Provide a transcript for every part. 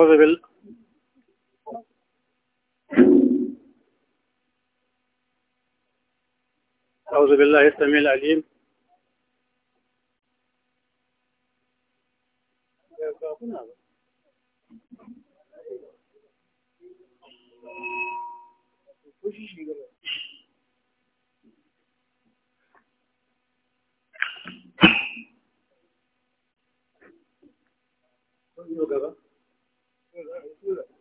أعوذ بال أعوذ بالله السميع العليم Gracias.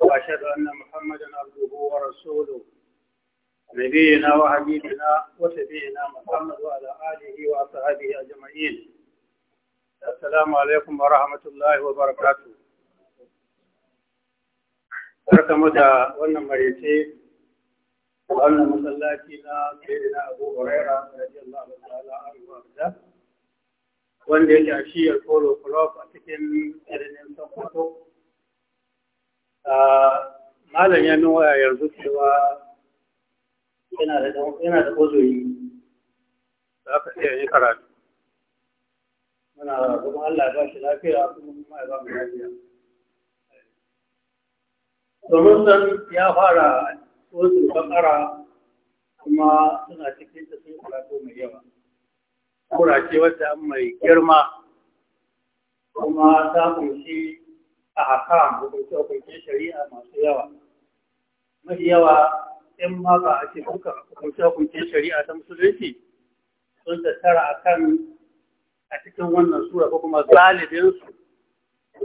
وأشهد أن محمدا عبده ورسوله نبينا وحبيبنا وسبينا محمد وعلى آله وأصحابه أجمعين السلام عليكم ورحمة الله وبركاته بركة متى وأنا مريتي وأنا سيدنا أبو هريرة رضي الله تعالى عنه وأرضاه وأن يجعل شيء يقول الخلاف أتكلم إلى malam ya nuna yanzu cewa yana da yana da uzuri za ka iya yin karatu muna kuma Allah ba shi lafiya kuma kuma ya ba mu lafiya domin san ya fara wasu bakara kuma suna cikin ta sun karatu mai yawa kurace wadda an mai girma kuma ta kunshi a haka hukunce-hukunce shari'a masu yawa mafi yawa in ma ba a ce duka hukunce-hukunce shari'a ta musulunci sun tattara a kan a cikin wannan sura ko kuma galibinsu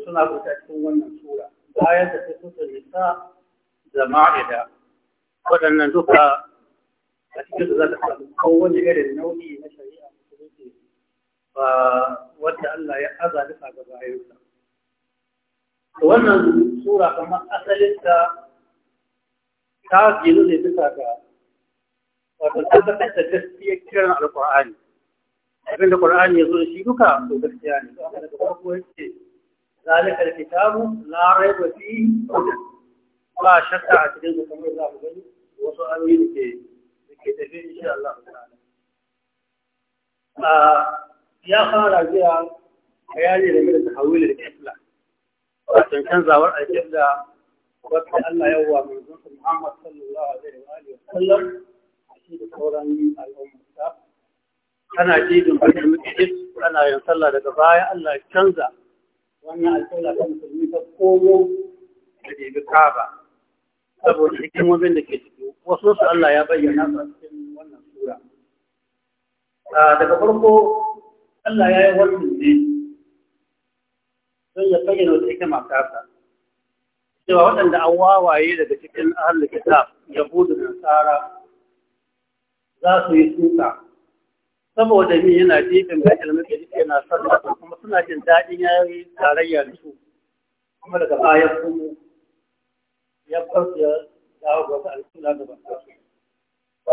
suna kuta cikin wannan sura bayan da ta suka nisa da ma'ida waɗannan duka a cikin da za ta samu kowane irin nau'i na shari'a musulunci ba wadda Allah ya aza ga bayansa wannan sura kamar asalinta ta gino ne bisa ga wato tabbatar da gaskiyar kiran alƙur'ani abinda ƙur'ani ya zo da shi duka to gaskiya ne to aka daga farko yace zalika alkitabu la raiba fi ba shakka a cikin su kamar za mu gani wasu ayoyi da ke da ke tafi insha Allah ta'ala ya fara biya bayani da mai da tahawil da islam wasan canzawar alƙibla wadda Allah ya wa manzon Muhammad sallallahu alaihi wa alihi wasallam a shi da sauran al'ummarsa kana jidin bakin mutis ana yin sallah daga baya Allah ya canza wannan alƙibla ta musulmi ta komo da jibi kaba saboda hikimomin da ke ciki wasu su Allah ya bayyana su a cikin wannan sura ah, daga farko Allah ya yi wannan ne don ya bayyana wata hikima tasa cewa waɗanda an wawaye daga cikin ahal kitab yahudu da nasara za su yi suka saboda mi yana jifin ga ilmi da jike na sarrafa kuma suna jin daɗin yayi tarayya da su kuma daga bayan kuma ya farko ya dawo ga wata alƙibla da ba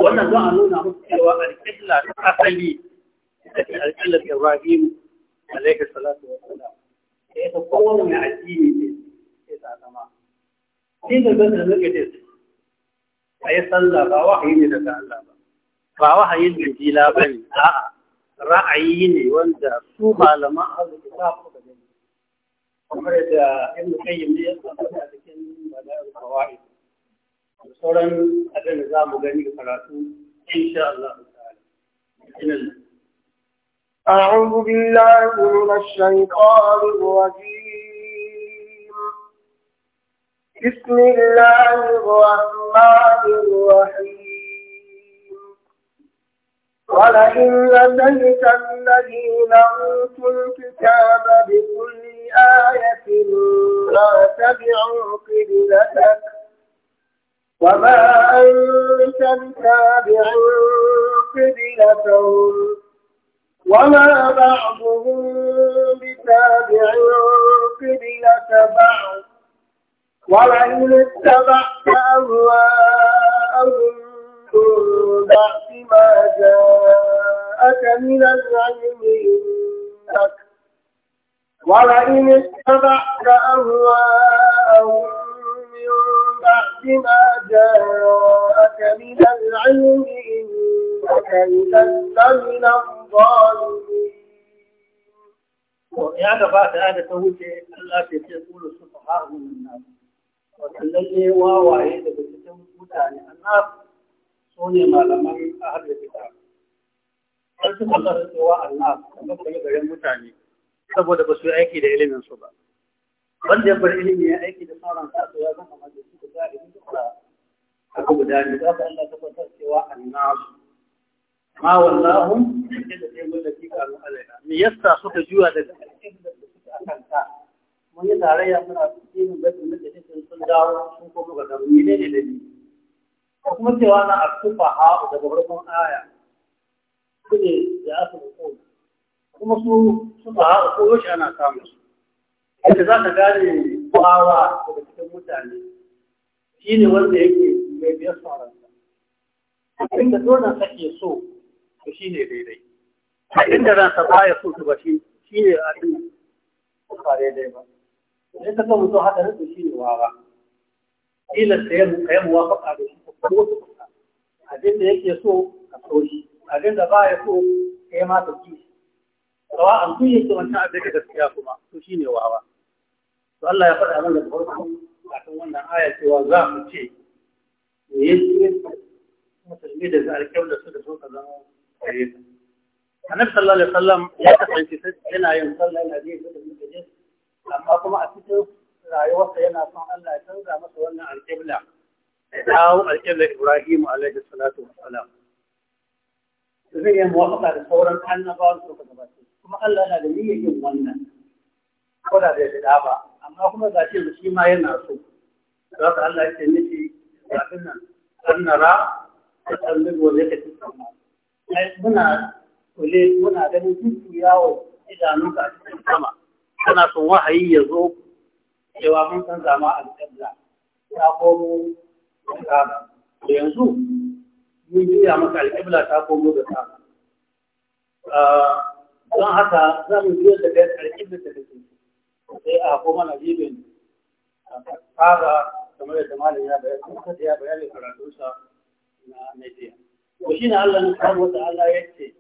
wannan za a nuna musu cewa alƙibla ta asali ita ce alƙiblar Ibrahim alaihi salatu wa salam da ya ta kowane mai addini ne ke ta zama shi ne zan zan zage a yi sallah ba wahayi ne daga Allah ba ba wahayin da jila ba ne a'a ra'ayi ne wanda su malama arziki ba ku da gani kamar yadda ibn qayyim ne ya faɗa a cikin bada'ul fawaid da sauran abin da za mu gani da karatu insha Allah ta'ala أعوذ بالله من الشيطان الرجيم بسم الله الرحمن الرحيم ولئن أتيت الذين أوتوا الكتاب بكل آية ما تبعوا قبلتك وما أنت بتابع قبلتهم وما بعضهم بتابع قبلة بعض ولئن اتبعت أهواءهم من بعد ما جاءك من العلم إنك ولئن اتبعت أهواءهم من بعد ما جاءك من العلم إنك Ya gabata ya da ta wuce Allah lalle wawaye daga cikin mutane annas su malaman mutane saboda ba su yi aiki da ilimin su ba. Wanda ya bar ilimi ya aiki da sauran kasu ya zama majalisi da zalimin duka. Aka guda ne za ka Allah tabbatar cewa annasu ma wallahum me yasa suka juya daga mun yi tarayya suna cikin batun da take sun dawo sun koma ga dabbi ne ne dabi ko kuma cewa na asufa ha daga farkon aya kuje ya asu ko kuma su sufa ha ko yoshi ana samu su yadda za ta gane kwawa daga cikin mutane shi ne wanda yake mai biyar sauransa abinda dole sake so to shi ne daidai a inda ransa ba ya so su ba shi shi ne a ɗin ba daidai ba idan ka san mutum haka nan shi ne wawa ilan da ya muwafaka da shi ko wasu abin da yake so ka so shi abin da baya so ka yi ma ka ki shi rawa an tun yake wancan abin da gaskiya kuma to shi ne wawa to Allah ya faɗa mana da farko kafin wannan aya cewa za mu ce me yake musulmi da alƙawar da suka so ka zama gare ta annabi sallallahu alaihi wasallam ya kasance yana yin sallah yana biye da mutane amma kuma a cikin rayuwarsa yana son Allah ya canza masa wannan alƙibla ya dawo alƙiblar Ibrahim alaihi salatu wassalam zai yi muwafaka da sauran annabawan suka gabata kuma Allah yana da niyyar wannan ko da bai da ba amma kuma ga shi shi ma yana so za ka Allah ya ce miki ga nan an nara ta tsallu wa yake ka cikin muna kule muna ganin duk yawo idanunka a cikin sama kana son wahayi ya zo cewa mun san zama alƙalla ta komo da sama da yanzu mun juya maka alƙibla ta komo da sama ah, don haka za mu juya da ɗaya alƙibla da take sai a koma na jibin fara kamar da malam ya bayar kuma ya bayar da karatunsa na Nigeria. to shi ne Allah na samu wata Allah ya ce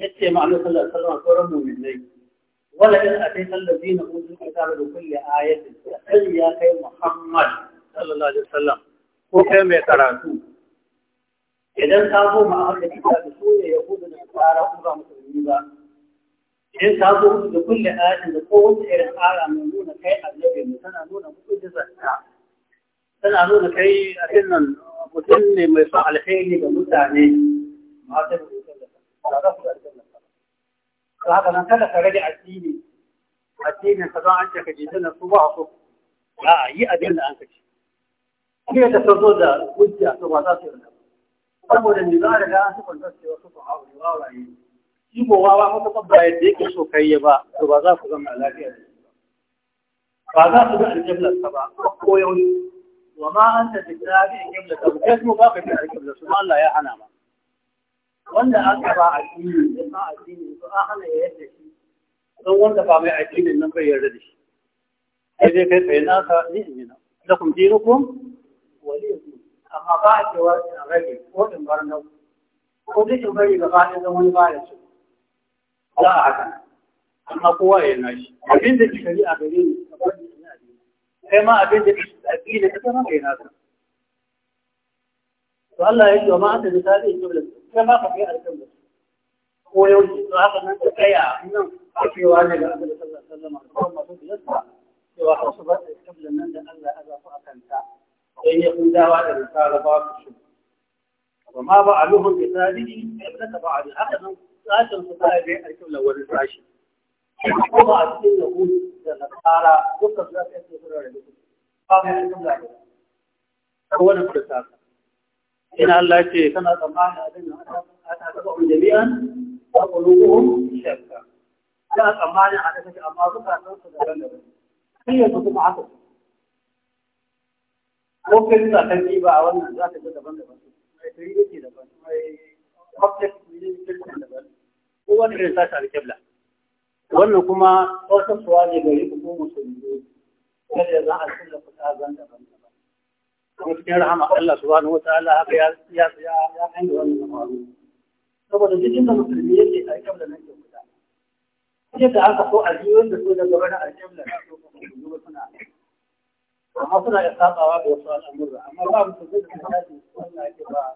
ya ce ma Allah sallallahu alaihi wasallam sauran mu'minai wala in ataita allazina utul kitaba bi kulli ayatin sai ya kai Muhammad sallallahu alaihi ko kai mai karatu idan ka zo ma aka kitabi su ne yahudu da tsara ku ba musulmi ba in ka zo da kulli ayatin da kowace mai nuna kai annabi ne tana nuna mu'jizar ta tana nuna kai a nan mutum ne mai son alheri ga mutane da su, ta haka nan kada ka rage addini addinin ka don an ce ka jita na su ba su a yi abin da an ka ce ke ta sauzo da hujja to ba za su yi saboda ni za a riga an sukan cewa su ba hauri wa rayu shi ko wa ba maka ba yadda yake so kai ba to ba za ku zama lafiya ba za su ga aljiblar ka ba ko yawanci wa ma an ta tabi in kibla ta buke ba ka tabi kibla su Allah ya hana ma wanda aka ba addini ya ba addini to an hana ya yadda shi don wanda ba mai addinin nan bai yarda da shi sai kai tsaye naka ni in yi na lakum dinukum waliyakum amma ba a cewa ko in don wani amma kowa ya nashi ما أبين ذلك الأكيلة كذا ما بين هذا فالله يجب وما أنت مثال إيه جملة كما قفية على جملة هو يوجد سواحة من تكيا إنه أكي وعلي الله صلى الله عليه وسلم وما تبقى يسمع سواحة صبت قبل أن أن الله أبا فأكا نتاع إن يكون دعوة الرسالة باب وما بعلوهم بثالثين kuma a cikin yahudu da nasara dukkan su aka yi suna da mutum ba mai cikin zaɓe ko wani furta ina Allah ce kana tsammanin abin da aka taɓa un jami'an a ƙulubuhun shakka da a tsammani a ta kashe amma suka san su daban daban kai yanzu kuma haka ko kai suka san ba a wannan za ta ga daban daban mai tarihi daban mai object ne daban ko wani irin sashi alƙibla wannan kuma tsotsarsuwa ne gari ku ko musulmi kada za a kulla kuta zan da ban daban kuma cikin rahama Allah subhanahu wataala haka ya ya ya ya kai da wannan faru saboda cikin da musulmi yake a kan da nan ke kuta sai da aka so a jiyon da su daga wani alƙibla su kuma suna amma suna da sabawa da wasu al'amura amma ba musulmi da kuma yake wannan ake ba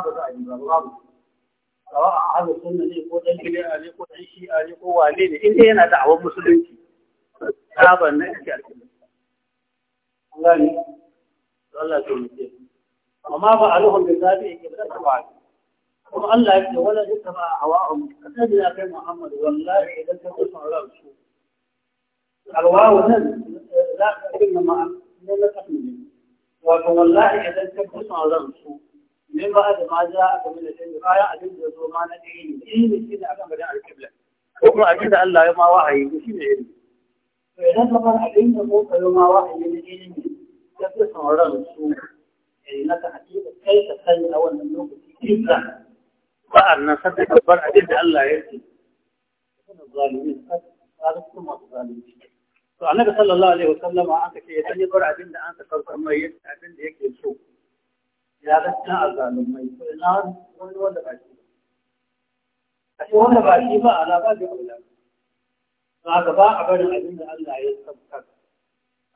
ba za a yi ba ba rawa a ahlus sunna ne ko dan bid'a ne ko dan shi'a ne ko wane ne in yana da da'awar musulunci saban na iska gani Allah ya tsare amma ba aluhum bi sabi ke da ba kuma Allah ya ce wala yutaba Ka kasabi ya kai Muhammadu wallahi idan ka kusa ransu alwawu nan eh, za ka kirma ma'a ne na kafin wato wallahi idan ka kusa ransu من بعد ما جاءك من العلم آية ما يعلم ذو ما ندعي علم شيء أكن وما أكيد الله يوم واحد وشيء علم فإذا تقول علم فوق يوم واحد من علم تفسر على السوق يعني لا حقيقة كيف تخلي أول من نوم إبرة فأنا صدق البرع جد الله يرضي الظالمين هذا كل ما الظالمين فالنبي صلى الله عليه وسلم أنت كي يتني برع جد أنت قلت أما يجد يكي السوق ya gaskiya a zalumai ko ina wani wanda ba shi ba, a shi wanda ba shi ba ala ba da kula don haka ba a barin abin da Allah ya sabkar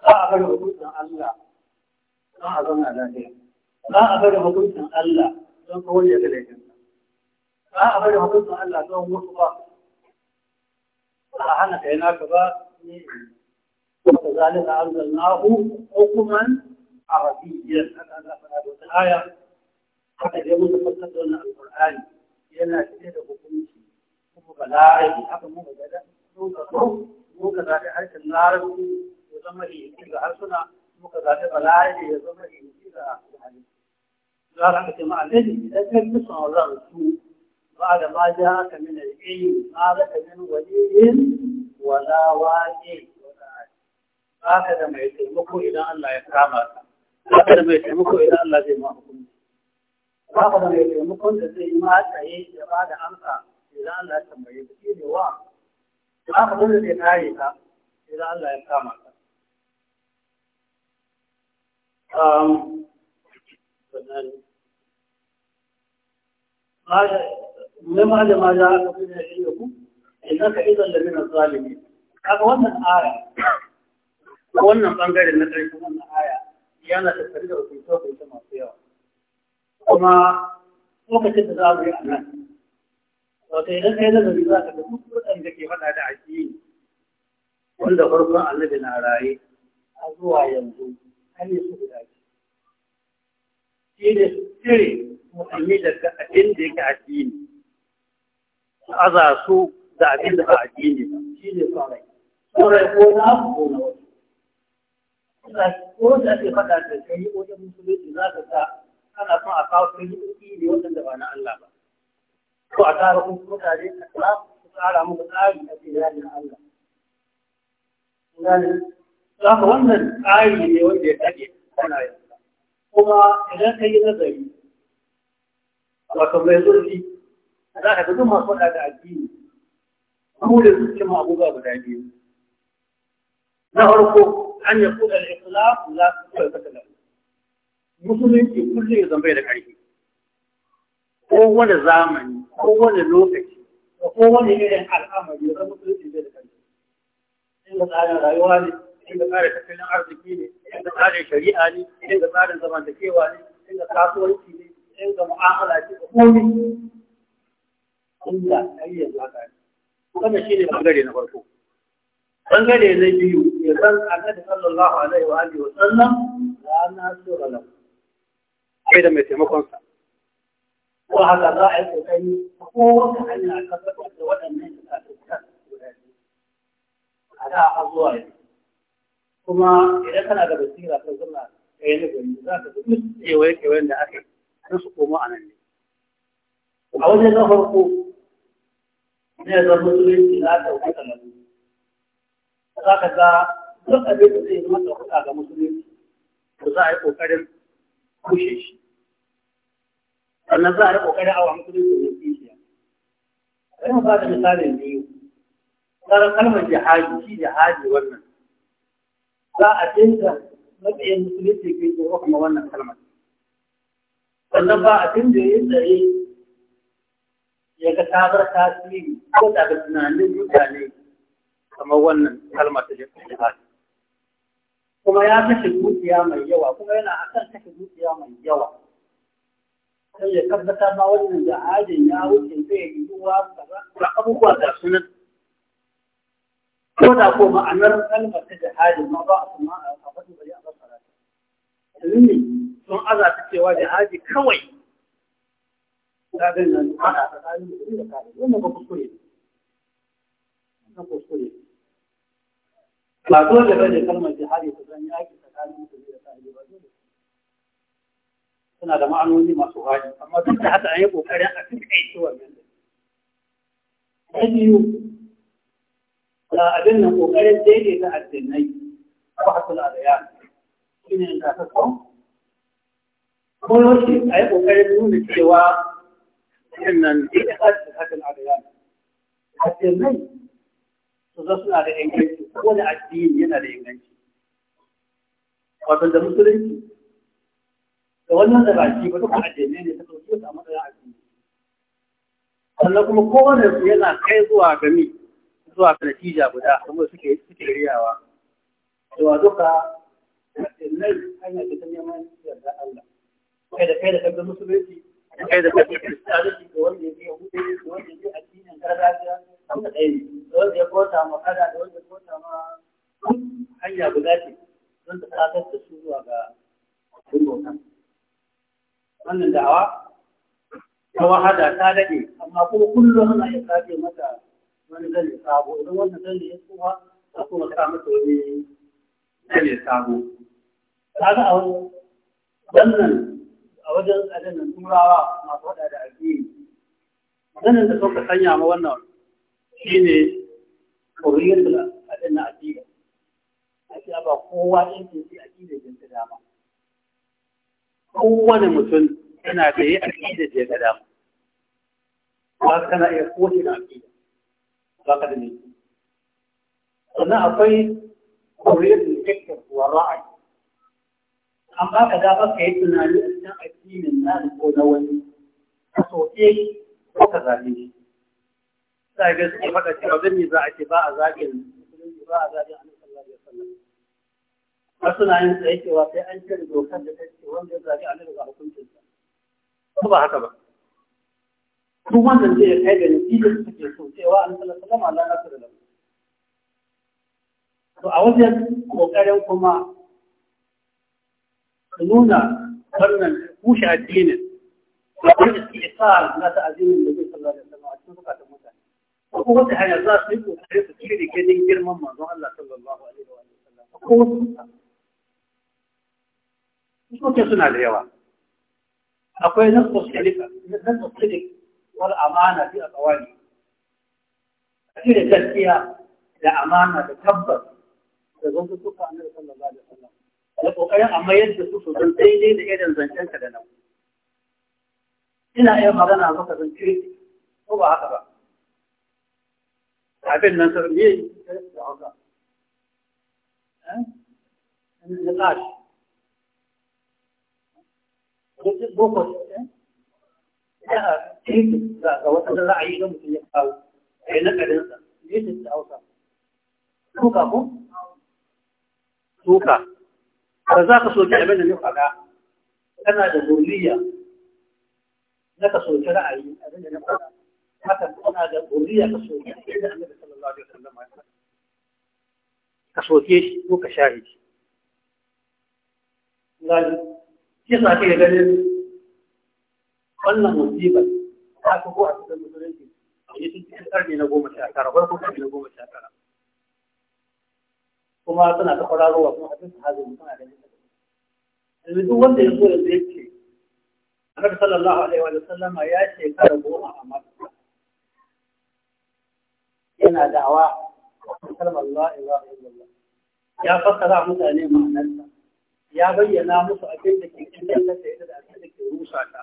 ba a barin hukuncin Allah don a zauna lafiya ba a barin hukuncin Allah don kawai ya ga laifin ba a barin hukuncin Allah don wasu ba ba a hana kai naka ba ko ni وكذلك أنزلناه حكما عربيا أنا أنا أنا أنا آية haka dai yana da kuma haka harshen ya ya idan da ma ka wala ba ka da mai taimako idan Allah ya kama ka haka da mai taimako idan Allah zai ma hukunci haka da mai taimakon da zai ma yi ya ba da amsa idan Allah ya tambaye ka shi ne wa haka da zai kare ka idan Allah ya kama ka مما لما جاءك من يحييكم إنك إذا لمن الظالمين kaga wannan aya wannan bangare na ƙarshe wannan aya ta tare da wasu hukunce ta masu yawa kuma lokacin da za mu yi a nan wata idan kai da zai za ka ga duk waɗanda ke faɗa da addini wanda farkon annabi na raye a zuwa yanzu har yi su guda ce shi ne cire musulmi daga abin da yake addini aza su da abin da ba addini ba shi ne saurayi saurayi ko na ko na wasu suna ko da ake faɗa da kai wajen musulunci za ka sa ana son a kawo firgici ne waɗanda ba na Allah ba ko a tara kuma mutane a kula su tsara muku tsari a ce yari na Allah za ka wannan tsari ne wanda ya tage ana yanzu kuma idan ka yi nazari wato mai zurfi za ka ga masu faɗa da addini kuma da su cimma abubuwa guda biyu na farko an ya kuda al-ikhlas la tabbata lahu musulunci kullum ya zama da ƙarfi ko wani zamani ko wani lokaci ko wani irin al'amari ya zama musulunci da ƙarfi inda tsarin rayuwa ne inda tsarin tattalin arziki ne inda tsarin shari'a ne inda tsarin zamantakewa ne inda kasuwanci ne inda mu'amala ce da komai inda ƙarfi ya zaka ne wannan shi ne bangare na farko bangare na biyu hadisan annabi sallallahu alaihi wa alihi wa sallam da ana so galam sai da mai taimakon sa ko haka za a yi kokari ko wata hanya a kasar da waɗannan da ta tsaka a da a zuwa yanzu kuma idan kana da basira ka zama kai ne gani, za ka ga duk kewaye kewayen da aka yi na su komo a nan ne a wajen na farko ne zan musulunci na ɗauki talabu za ka ga duk abin da zai zama ɗaukaka ga musulunci to za a yi ƙoƙarin kushe shi sannan za a yi ƙoƙarin awa musulunci ne kishiya bari mu bada misalin biyu tsarin kalmar jihadi shi jihadi wannan za a dinga matsayin musulunci ke tsoro kuma wannan kalmar sannan ba a da yin tsaye ya ga tabar tasiri ko daga tunanin mutane kamar wannan kalmar ta jihadi kuma ya kashe dukiya mai yawa kuma yana a kan kashe dukiya mai yawa sai ya tabbata ma wannan da ajin ya wuce zai yi ruwa kaza abubuwa ga sunan ko da ko ma'anar kalmar ta hajji ma ba a kuma a faɗi bari a fassara ta ne sun aza ta cewa jihadi kawai ta ganin ana tsakanin da kare wannan ba kuskure kuskure. ba dole ba ne kalmar jihari ta zan yaki tsakanin musulmi da sahibi ba dole suna da ma'anoni masu hali amma duk da haka an yi kokarin a cikin kai ciwon nan na biyu da abin nan kokarin daidaita addinai ko hasala da yana shi ne in ka ko yaushe a yi kokarin nuna cewa wannan ita ta cikin hakan a da yana addinai suna da inganci kowane addini yana da inganci wato da musulunci da wannan da baki ba duka addinai ne ta ɗauki a matsayin addini sannan kuma kowane yana kai zuwa gami zuwa ga natija guda kuma suke suke riyawa cewa duka addinai hanya ce ta neman yarda Allah kai da kai da musulunci kai da kai da da hudu da addinin gargajiya abu ɗaya ne wanda ya kota ma kada da wanda ya kota ma hanya guda ce wanda ta tsatar da su zuwa ga abin bauta wannan da'awa ta wahada ta daɗe amma kuma kullum ana iya kafe mata wani zane sabo idan wannan zane ya tsuwa a kuma sa mata wani zane sabo kaga a wannan a wajen adanin turawa masu waɗa da addini zanen da suka sanya ma wannan shi ne kuriyar da adin na A aƙida ba kowa ɗin ke shi aƙida da ta dama kowane mutum yana da yi aƙida je ga dama ba kana iya kowace na aƙida ba ka da ne sannan akwai kuriyar da fikir wa ra'ayi amma ka ga ka yi tunanin a cikin addinin na ko na wani ka soke ko ka zaɓe shi sai ga suke faɗa cewa zan yi za a ce ba a zagin ba a zagin annabi sallallahu alaihi wasallam wasu na yin tsaye cewa sai an cire dokar da ta ce wanda ya zagi annabi hukuncin hukuncinsa ko ba haka ba Kuma wanda zai kai da nitijin da suke so cewa an sallallahu alaihi wasallam Allah ya tsare da to a wajen ƙoƙarin kuma su nuna wannan kushe addinin da kuma sa na ta addinin da zai sallallahu alaihi wasallam a cikin zukatan mutane ko wata hanya za su yi kokari su cire ke girman manzon Allah sallallahu alaihi wa sallam ko wasu suna da yawa akwai nasu silika nasu silik wal amana fi aqwali cire gaskiya da amana da tabbas da zan a annabi sallallahu alaihi wa sallam da kokarin amma yadda su su zan daidai da irin zancen da nan ina iya magana maka zan cire ko ba haka ba abin nan sun eh? eh? yi da ya cikin ga ra'ayi da mutum ya kawo da eh, hausa ba za ka soke abin da ne faɗa kana da zuriya na ka soke ra'ayi abin da ne faɗa da ka soke shi ko ka share shi sa ke ganin wannan musibar ta fi ko a cikin musulunci a yi cikin karni na goma sha tara farko karni na goma sha kuma suna ta ƙwararrowa kuma a cikin hazin suna da nisa yanzu duk wanda ya so ya ce annabi sallallahu alaihi wa sallama ya shekara goma a mata yana da'awa kalmar la ilaha illallah ya fassara mutane ma'anarsa ya bayyana musu abin da ke cikin da ta da abin da ke rusa ta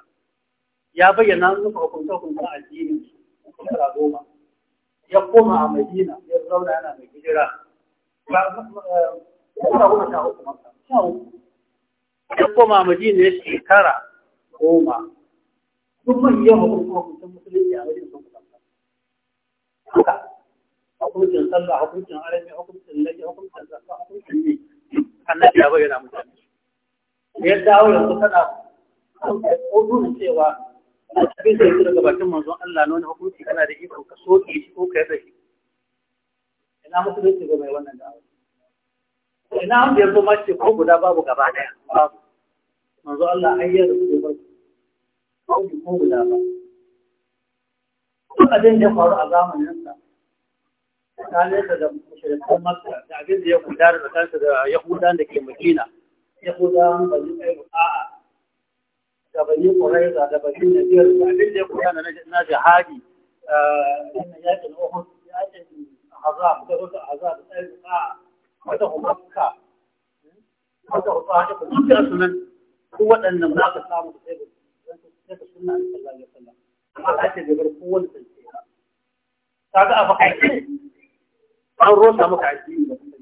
ya bayyana musu hukunta-hukunta addinin su shekara goma ya koma a madina ya zauna yana mai hijira shekara goma sha uku masa sha uku ya koma a madina ya shekara goma duk manyan hukunta-hukuntan musulunci a wajen sun kusa haka hukuncin sallah hukuncin arami hukuncin laki hukuncin zakka hukuncin ne annabi ya bayyana mutane ya dawo yanzu kana hukuncin cewa abin da yake daga bakin manzon Allah na wani hukunci kana da iko ka soke shi ko ka yadda shi ina musulunci ga mai wannan dawo ina an yanzu ma ce ko guda babu gaba daya babu manzo Allah ayyar da rubuce ba ko guda ba duk abin da faru a zamanin tsakaninsa da mushrikan Makka da abin da ya gudana tsakaninsa da Yahudan da ke Madina Yahudan bani Qurayza da bani da bani Nadir da abin da ya gudana na jihadi inna eh, yakin Uhud yakin Ahzab da Uhud Ahzab da Qurayza wata Makka wata Qurayza duk da sunan ko waɗannan za ka samu da sai da sunna sallallahu alaihi wasallam amma ake da bar kowanne sai kaga a fakaice an rosa maka addini da kuma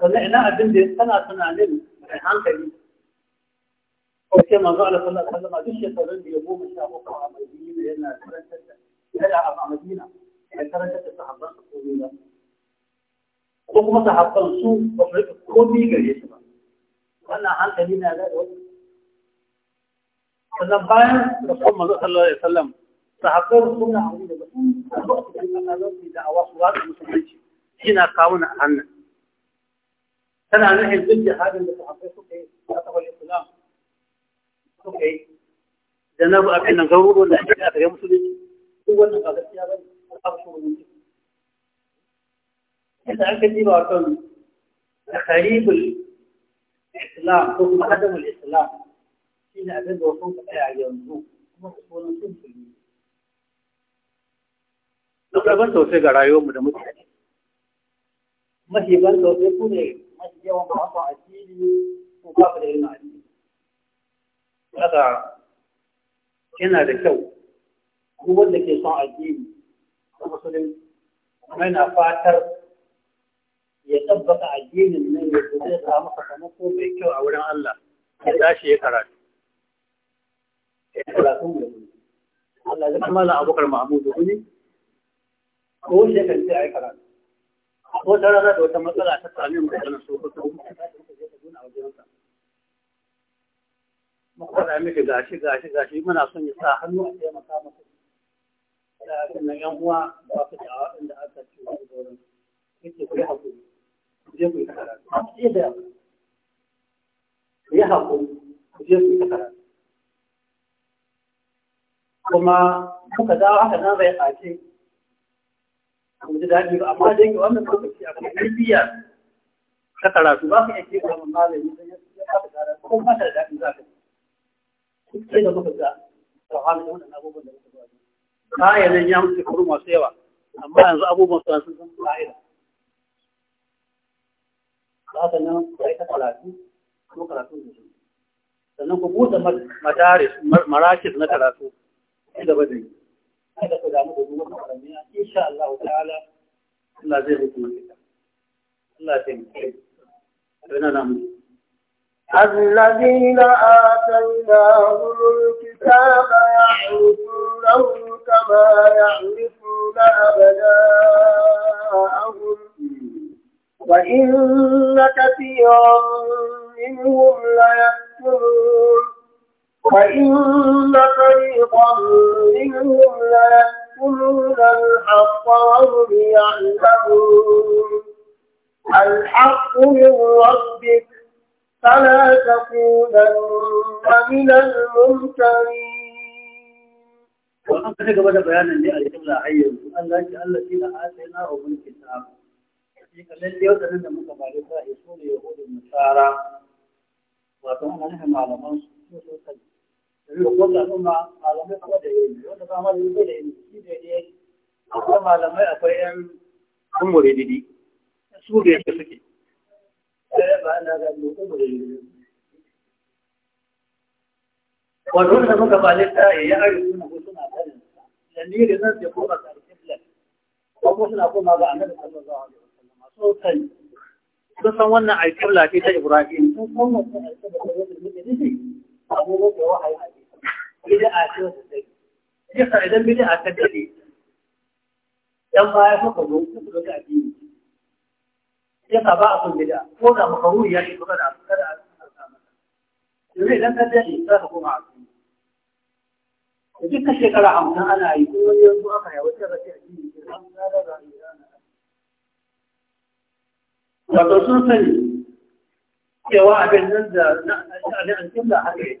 sannan ina abin da kana tunanin mai hankali ko ce manzo Allah sallallahu alaihi wasallam duk shekarun da ya goma sha uku a Madina yana karantar da yana a Madina ya karantar da sahabban su ko ne ko kuma sahabban su ba su rike komai gare shi ba wannan hankali na da wani sannan bayan rasul manzo sallallahu alaihi wasallam sahabban suna hauri da basu حين قاونا عنا كان عن نحي البنت هذا اللي تحقيقه كيف أطفى الإسلام أوكي جنابه أبعنا نقوله ولا أحيانا أخرى مسلمين هو أن قادر في هذا الأرض شو من جيب إلا عنك دي بارتون تخريب الإسلام ثم عدم الإسلام حين أبعنا وصوم فأي عيان نوم هم أصولا كم في المنزل akwai ban tausayi ga rayuwarmu da mutane mafi ban ku ne mafi yawan ba haka a fili ko kafa da yin addini Saka yana da kyau duk wanda ke son addini da musulunci kuma yana fatar ya tabbata addinin nan ya zai samu sakamako mai kyau a wurin Allah ya tashi ya karatu ya karatu Allah zai kamala abokar Mahmudu ne ko shi kan sai ai karatu ko ta da wata matsala ta sami mu da so ko ko mu faɗa miki gashi gashi gashi muna son ya sa hannu a taimaka maka da nan yan uwa ba su da waɗanda aka ci da wurin yake ku yi hakuri ku je ku yi karatu ku je da ku yi hakuri ku je ku yi karatu kuma kuka dawo haka nan zai ɓace mu ji daɗi ba amma dai wannan lokaci akwai tarbiyya ta karatu ba ka yake ba malami dan ya ka karatu ko ba ka da daɗi za ka ji sai da muka ga sahabbai wannan abubuwan da muka ga kaya nan ya mutu kuru masu yawa amma yanzu abubuwan su sun san ka'ida haka nan sai ta karatu ko karatu da sannan ku buɗe madaris marakis na karatu ci gaba da yi kada na damu da duwar karamiya insha Allah ta'ala Allah zai hukunta kita Allah ya taimake mu na namu الذين آتيناهم الكتاب يعرفونه كما يعرفون أبناءهم وإن كثيرا منهم ليكفرون وإن فريقا منهم ليكتمون الحق وهم يعلمون الحق من ربك فلا تكونن من الممترين wannan ka gaba da bayanin ne a jimla har yanzu Allah ki Allah ki da asina wa mulkin ta shi kallon da yau da muka bare ta isu ne yahudin nasara wato malaman su rubuta da ga wannan muka bale ta ya arifu ko suna da ni da kuma kuma suna kuma ga annabi sallallahu alaihi wasallam so kai sun wannan ta Ibrahim sun san wannan alƙibla ta Ibrahim abubakar wahayi bid'a ce wata dan baya addini yasa ba ko ya da a ka koma da shekara hamsin ana yi ko wani yanzu aka yi wata rashi addini ke an tsara rayuwa wato sun sani cewa abin nan da na al'adun da haka yake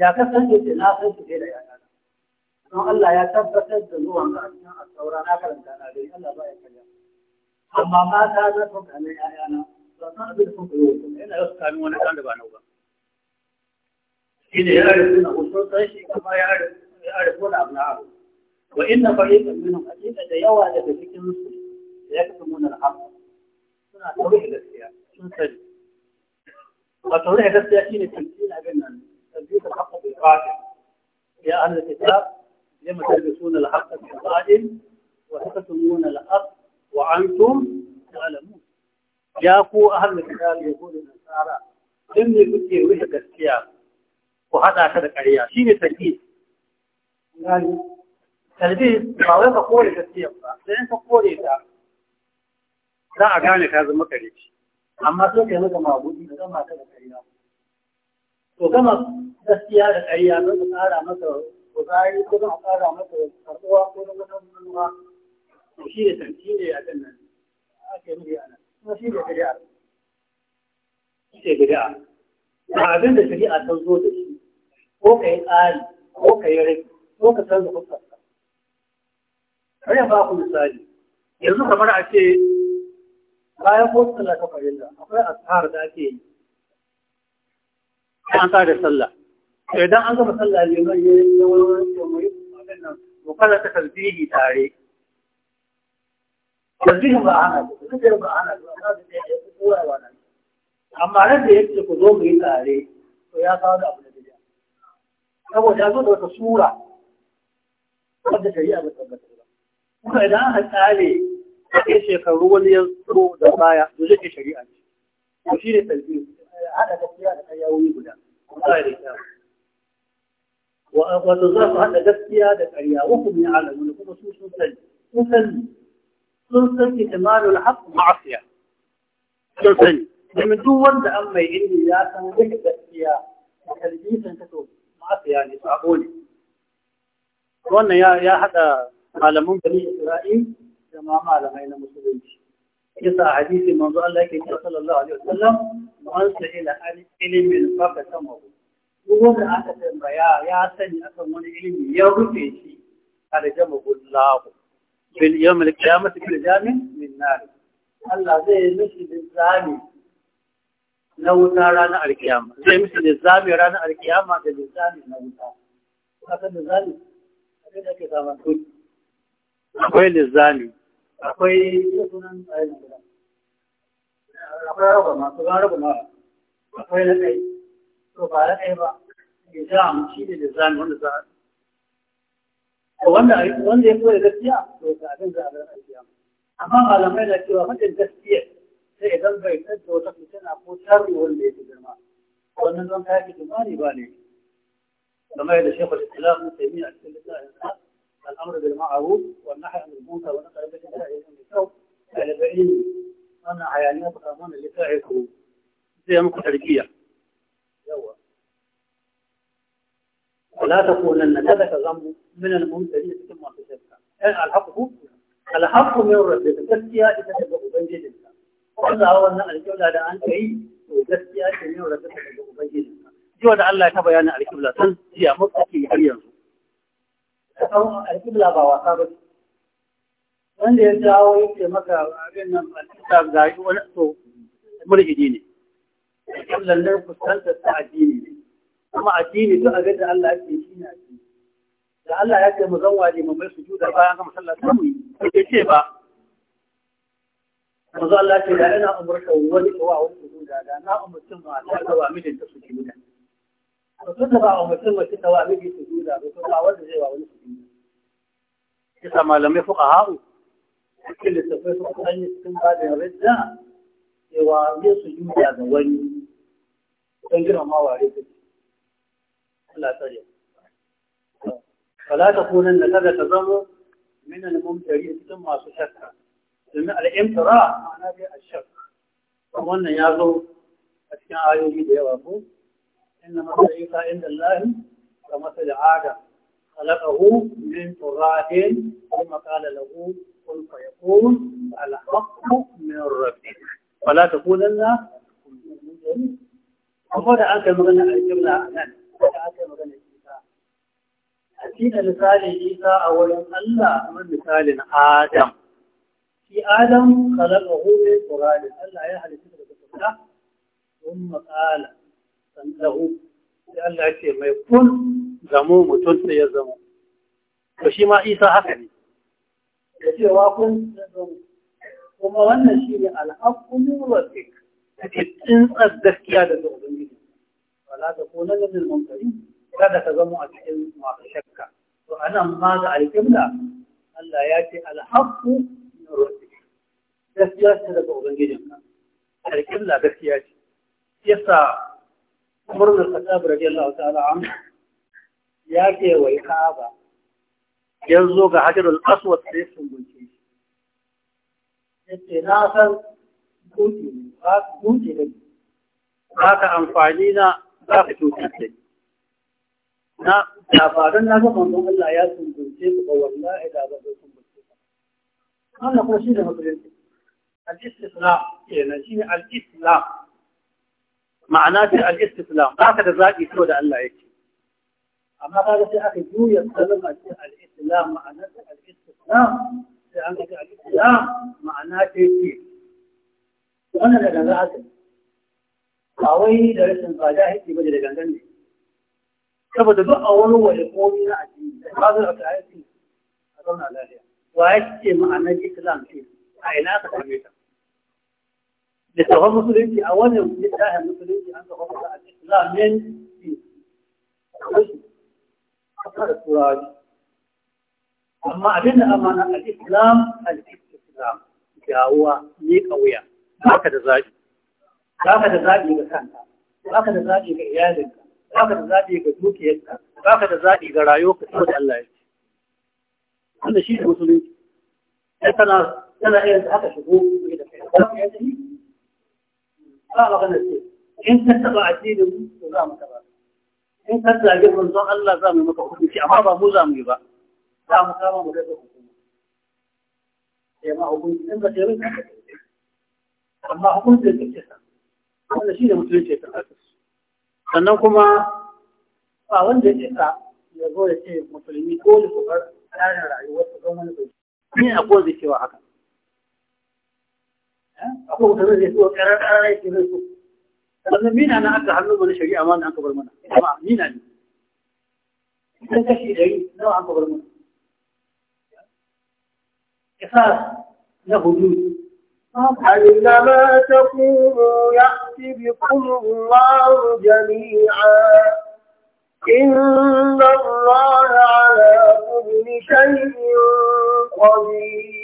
ya kasance da na san shi da yana don Allah ya tabbatar da zuwan ga a saura, na karanta na dai Allah ba ya kalla amma mata na to kana yaya na ba san abin da kuka yi yana yau kamin wani kan da ba nau ba shine ya arifu na usul sai shi kuma ya arifu ya arifu na abu. abna abu wa inna fariqan minhum hakika da yawa daga cikin su ya kasance mun al-haq suna tauhid gaskiya sun sani wato ne gaskiya shine tantina abin nan تلبيس الحق بالباطل يا أهل الكتاب لم تلبسون الحق بالباطل وتكتمون الحق وأنتم تعلمون يا أخو أهل الكتاب يقول النصارى لم يكن وجه gaskiya ku haɗa ta da ƙarya shi ne talbis talbis ba wai ka kore gaskiya ba sai ka kore ta za a gane ka zama ƙarfi amma sai ka yi da ƙarya to gaskiya da ƙarya don ku tsara masa kuzari ko don a tsara masa karɓuwa ko don wata manuwa to shi ne tanti ne a kan nan ake yi a nan kuma shi ne shari'a ne shari'a ba abin da shari'a ta zo da shi ko ka yi tsari ko ka yi rai ko ka san da Kar kare ba ku misali yanzu kamar a ce bayan ko sallah ta farilla akwai ashar da ake yi an sa sallah idan an gama sallah ne ya yi wani wani wani wannan mu fara ta tasbihi tare tasbihi ba ana tasbihi ba ana amma da ya yi kowa ba nan amma ran da yake ku zo mu yi tare to ya kawo da abu da bidiya saboda ya zo da wata sura wadda shari'a ba tabbata ba kuma idan aka tsare ake shekaru wani ya tsoro da baya to zai ke shari'a ce to shi ne tasbihi haɗa gaskiya da kayawoyi guda kuma da kyau وتزاف هذا جسيا لكريا وهم يعلمون لكم شو شو سن مثل سن سن كمال الحق معصية شو لما من دون دعمي إني لا سن به جسيا لكريا سن كتب معصية يعني صعبوني وانا يا يا حتى عالمون بني إسرائيل كما ما عالم أين مسلمين قصة حديث منظور الله صلى الله عليه وسلم وأنسى إلى إلي من فقه تمره duk wanda aka tambaya ya sani akan wani ilimi ya rufe shi aljama gullahu bil yawmil qiyamati bil jamin min nar Allah zai mishi lizami na wuta ranar alkiyama zai mishi lizami ranar alkiyama da lizami na wuta kasa lizami abin da ke samun kudi akwai lizami akwai sunan akwai raba masu ba, raba ma akwai na kai to ba ya ɗaya ba nizam shi ne nizam wanda za a wanda wanda ya koya gaskiya to ga abin za a bar ajiya amma malamai na cewa faɗin gaskiya sai idan bai tsadda wata fitina ko tarri wanda ya fi girma wannan don kaya fi tumani ba ne kamar yadda shekul islam na taimiyya a cikin littafin sa الامر بالمعروف والنهي عن المنكر والنقل الى الشيء بالمعروف على بعيد انا عيانيه الامان اللي تعيكم زي ممكن تركيه ولا تكونن كذا كذنب من الممتلئ ثم تشركا الحق هو الحق من ربك gaskiya ita daga ubangijinka wannan wannan alƙibla da an kai to gaskiya ce ne rabbika daga ubangijinka jiwa da Allah ya ta bayanin alƙibla san jiya muka ke har yanzu kawo alƙibla ba wasa ba wanda ya jawo maka abin nan alƙibla ga wani to murjidi ne da kiblan nan fuskantar ta addini ne kuma addini duk abin da Allah yake shi ne addini da Allah ya ce mu zan waje mu mai sujuda bayan gama sallah ta mu yi ce ba manzo Allah ya ce da ina umurta wani wa wani sujuda da na umurtin ma ta ga wa mijin ta sujuda to tunda ba umurtin mace ta wa miji sujuda ba to ba wanda zai wa wani sujuda kisa malamai fuka fuqaha'u cikin littafai sun an yi cikin babin rijja cewa yin sujuda ga wani don girmamawa rikin Allah tsare فلا تكونن كذا تزمو من الممترين ثم شكا لأن الامتراء معناه الشك وأن يغلو أشياء آيوه ديوه إنما الطريقة عند الله كمثل عادة خلقه من تراب ثم قال له قل فيقول الحق من ربك wala ta kudan na amma da aka magana a jimla a nan da aka magana isa a cikin misalin isa a wurin allah kamar misalin adam shi adam kalaka hudu turanin allah ya halitta daga kuta sun matsala san lahu sai allah ya ce mai kun zamo mutum sai ya zama. to shi ma isa haka ne Ya ce wa kun zamo kuma wannan shi ne al'akumin wasik da ke tsintsar gaskiya da zaɓin gidi wala da ko na gajin mankari kada ka zama a cikin masu shakka to a nan ma ga alƙibla Allah ya ce alhaku na wasik gaskiya ce daga ubangijinka alƙibla gaskiya ce yasa umar da khattab radiyallahu ta'ala an ya ke wai ka'aba yanzu ga hajarul aswad sai sun gunce اتناسل كوتي مرات كوتي لدي هاكا انفعلينا باق كوتي لدي نا نافادن ناسا مندوم اللي آيات من جلسي تقوّل الله إذا بذلكم بسيطة ما نقول شيء لهم بلنسي الاستثناء نجيني الاستثناء معناته الاستثناء باق الرزاق يسود أن لا يكي أما قال في أخي جو يتسلم الاستثناء معناته الاستثناء sai an kaji al'islam ma'ana ce ce wannan da gangan haka Kawai wai da rashin tsada haiti ba da gangan ne saboda duk a wani wani komi na addini da ba su da kayan a zauna lafiya wa ya ce ma'anar islam ce a ina ka same ta littafin musulunci a wannan littafin musulunci an kafa a islamin ce a kasu da kara turawa amma abin da amana al-islam al-islam jawuwa ne kauya baka da zabi baka da zabi ga kanka ka da zabi ga iyalinka ka da zabi ga dukiyarka ka da zabi ga rayuwarka saboda Allah ya ce wanda shi musulunci sai kana tana iya da haka shigo da kai ba magana ce in ka taba addinin mu za mu taba in ka zage manzon Allah za mu maka hukunci amma ba mu za mu yi ba za mu kama mu daga hukuma sai eh, ma hukunci in ba sai mun amma hukuncin da kisa wanda shi ne musulunci kan asus sannan kuma ba wanda ya isa ya zo ya ce musulmi ko da su bar tsarin rayuwar su don wani bai ni a ko zai cewa haka eh, akwai musulmi zai so karar karar ya ce zai so sannan mina na aka hannu mana shari'a ma na aka bar mana amma mina ne idan kashi ɗari nawa aka bar mana إخاص له حدود أينما تكونوا يأتي بكم الله جميعا إن الله على كل شيء قدير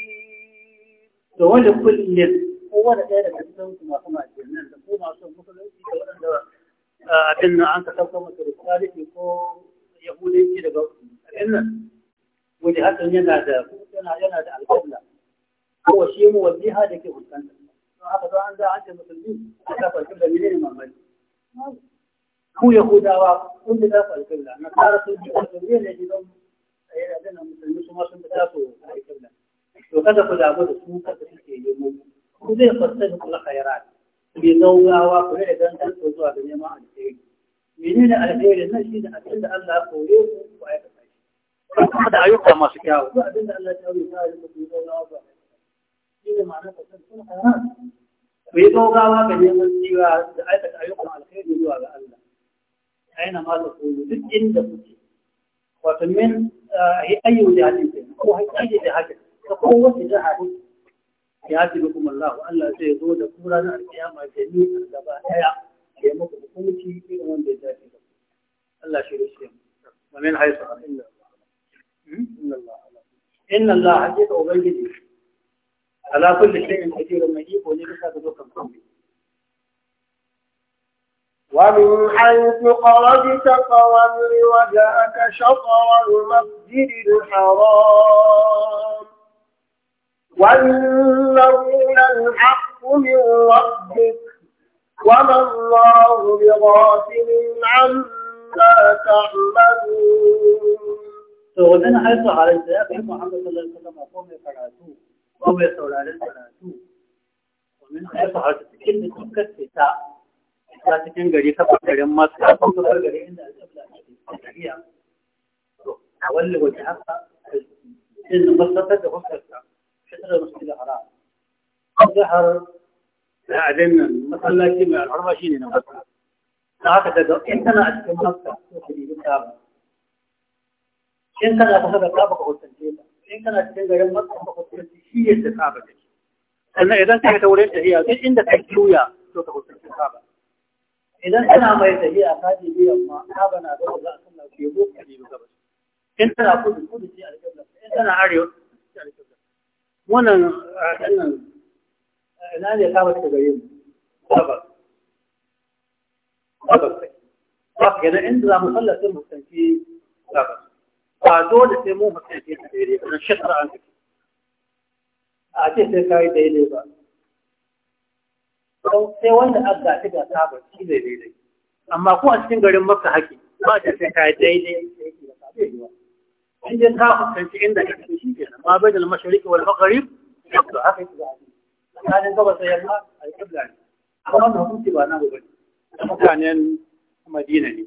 dole kullum kowane ɗaya daga cikin kuma kuma jinnan da kuma masu musulunci da waɗanda abin nan an ka sauka masu rikitariki ko yahudanci daga abin nan wani hasan yana da yana yana da alƙawla ko shi mu wajiha da ke fuskanta don haka don an za an ce musulmi a kafa kibla ne ne mamari ku yahudawa kun da kafa kibla na tsara sun ji kafa ne ne don yana eh, da musulmi su masu sun da kafa da. to kada ku damu da su kada suke yi mu ku zai fassara kula Ku yi zawwawa ku ne da dan zuwa da neman alheri menene alheri nan shi da abin da Allah ya koye ku ku aikata kuma da ayyuka masu kyawu ku yi dogawa ga neman cewa da aikata ayyukan alkhairi zuwa ga Allah aina ma da koyo duk inda kuke wato min ayyu da hadin ko haƙiƙi da hadin ta kowace jaha ne ya ji kuma Allah Allah zai zo da kura na alkiyama da ni gaba daya ya muku hukunci irin wanda ya dace Allah shi da shi wa min haisu Allah إن الله عزيز وغير جديد على كل شيء قدير عزيز وليس هذا الوقت الحمد ومن حيث قردت قرر وجاءك شطر المسجد الحرام والذين الحق من ربك وما الله بغافل عما تعملون to wannan har su harin da ya fi Muhammad sallallahu alaihi wasallam ko mai karatu ko mai sauraron karatu domin har su harin cikin da kun kace ta ta cikin gari ta garin Makka ko ta garin inda Allah ya tafiya to a walli wajen haka din masatar da hukunta shatar masjidil haram zahar بعدين مثلا كلمة الحرمة شيء نبغى. هكذا إنت أنا أتكلم أكثر في الكتاب in kana kusa da kaba ka kusance ta in kana cikin garin maka ka kusance shi yadda kaba take sannan idan ka ta wurin tafiya duk inda ka juya to ka kusance kaba idan kana mai tafiya ka je biyan ma kaba na da za a sanna ke go ka je gaba in kana kudu kudu ce alƙibla in kana arewa ce alƙibla wannan ah, wannan ah, ina ne kaba ta gare mu kaba kaba ba kenan inda za mu sallar sai mu kusance A dole sai mun mutum ke da daidai ba shi an a ce sai ka yi daidai ba sai wanda an gashi ga sabon shi ne daidai amma ko a cikin garin maka haƙi ba ta sai ka yi daidai shi ne ka fuskanci inda ka fi shi kenan ma bai da mashariki wal magharib yadda haka yake za a yi tsakanin gabas da yamma a yi kibla ne amma wannan hukunci ba na gobe mutanen madina ne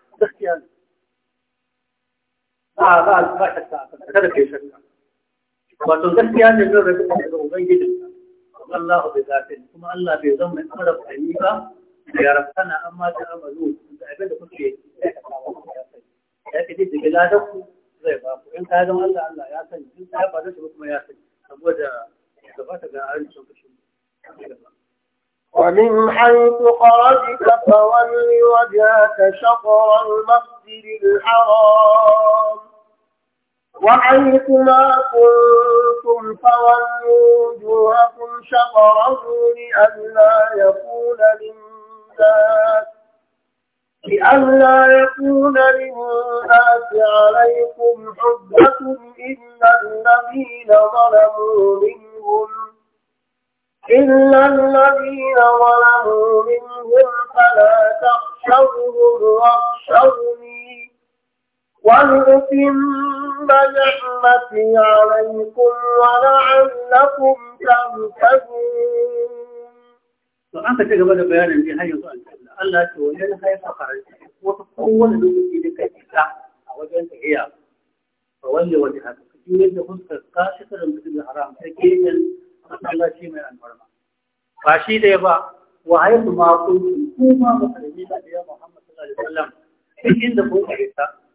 آه، آه، آه، ومن حيث خرجت فول وجهك شطر المسجد الحرام وحيثما كنتم فولوا وجوهكم شطره لئلا يكون للناس لئلا يكون للناس عليكم حجة إلا الذين ظلموا منهم إلا الذين ظلموا منهم فلا تخشوهم واخشوني ولأتم نعمتي عليكم ولعلكم تهتدون to an ka ci gaba da bayanin dai har yanzu an Da Allah ce wajen haifa karanta wata kowane lokaci da kai fita a wajen ta iya a wanne wani haka ka jure da fuskar ka shi da mutum da haram ta gefen masallaci mai albarma ba shi ɗaya ba wa haifu ma kuntum kuma musulmi da ya Muhammad sallallahu alaihi wasallam duk inda kun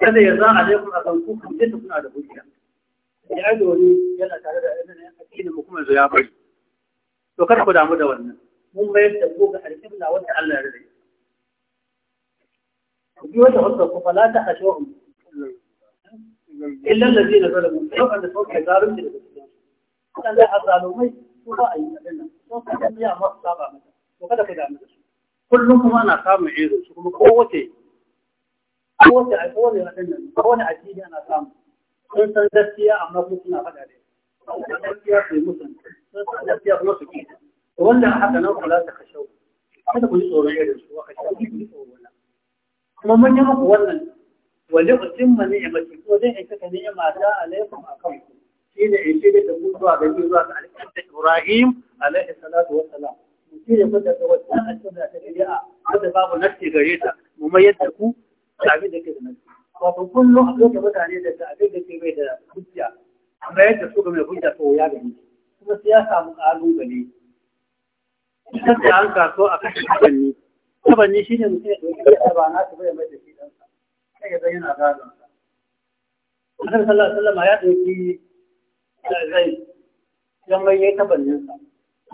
kada ya zan alaikum a zanku kun je kuna da hujja ya yi wani yana tare da ainihin addinin mu kuma ya bari to kada ku damu da wannan mun mayar da ku ga alƙibla wanda Allah ya rage ku bi wata wata ku fala ta ashawum illa allazina zalamu sau an da sauke zalunci da cikin kan da azalumai su ba a yi magana to kada ya masu saba mata to kada ku damu da su kullum kuma ana samun irin su kuma kowace kowace a kowace waɗannan a addini ana samu sun san gaskiya amma su suna faɗa da sun gaskiya su yi musun sun san gaskiya kuma su ke to wannan haka nan kula ta kashau kada ku ji tsoron irin su wa kashau ku ji tsoron wannan kuma mun yi muku wannan wali utimma ni'imati ko zai in kaka ni'ima ta alaikum akan ku shine in shirya da mu zuwa ga zuwa ga alƙawarin Ibrahim alaihi salatu wassalam shine kun da wannan a cikin da ta bid'a wanda babu nasti gare ta mu mayar da ku da abin da wato kullum a lokacin mutane da abin da ke mai da hujja amma yadda su ga mai hujja to ya gani kuma sai ya samu ƙalubale idan da an kaso a kashe tabanni tabanni shine mutum ya ɗauki ya saba na su bai mai da shi ɗansa sai ya bayyana gadonsa Annabi sallallahu alaihi wasallam ya ɗauki zai yan mai yayi tabanninsa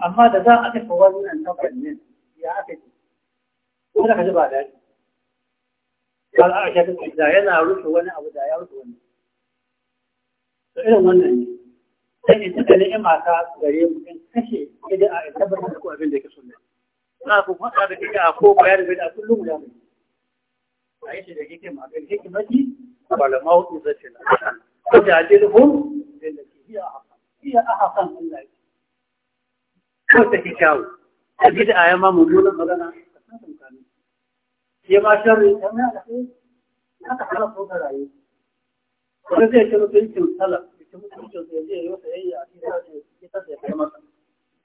amma da za a tafi wannan tabannin ya aka ji ko da ka ji ba daɗi har aisha ta ce da yana rufe wani abu da ya rufe wani to irin wannan ne sai in tuka ni'ima ta gare mu in kashe idan a tabbatar da ku abin da yake sunna na ku fada da kika ko bayar da da kullum da mu aisha da kike ma ga hikimati wala mautu zatil ko da dilhum da hiya Biya a ahsan Allah ko ta kikawo a bid'a ya ma mummunan magana shi ta ana zai ci mutuncin salaf ci mutuncin zai yi wata yayya a cikin sashi ya ta sai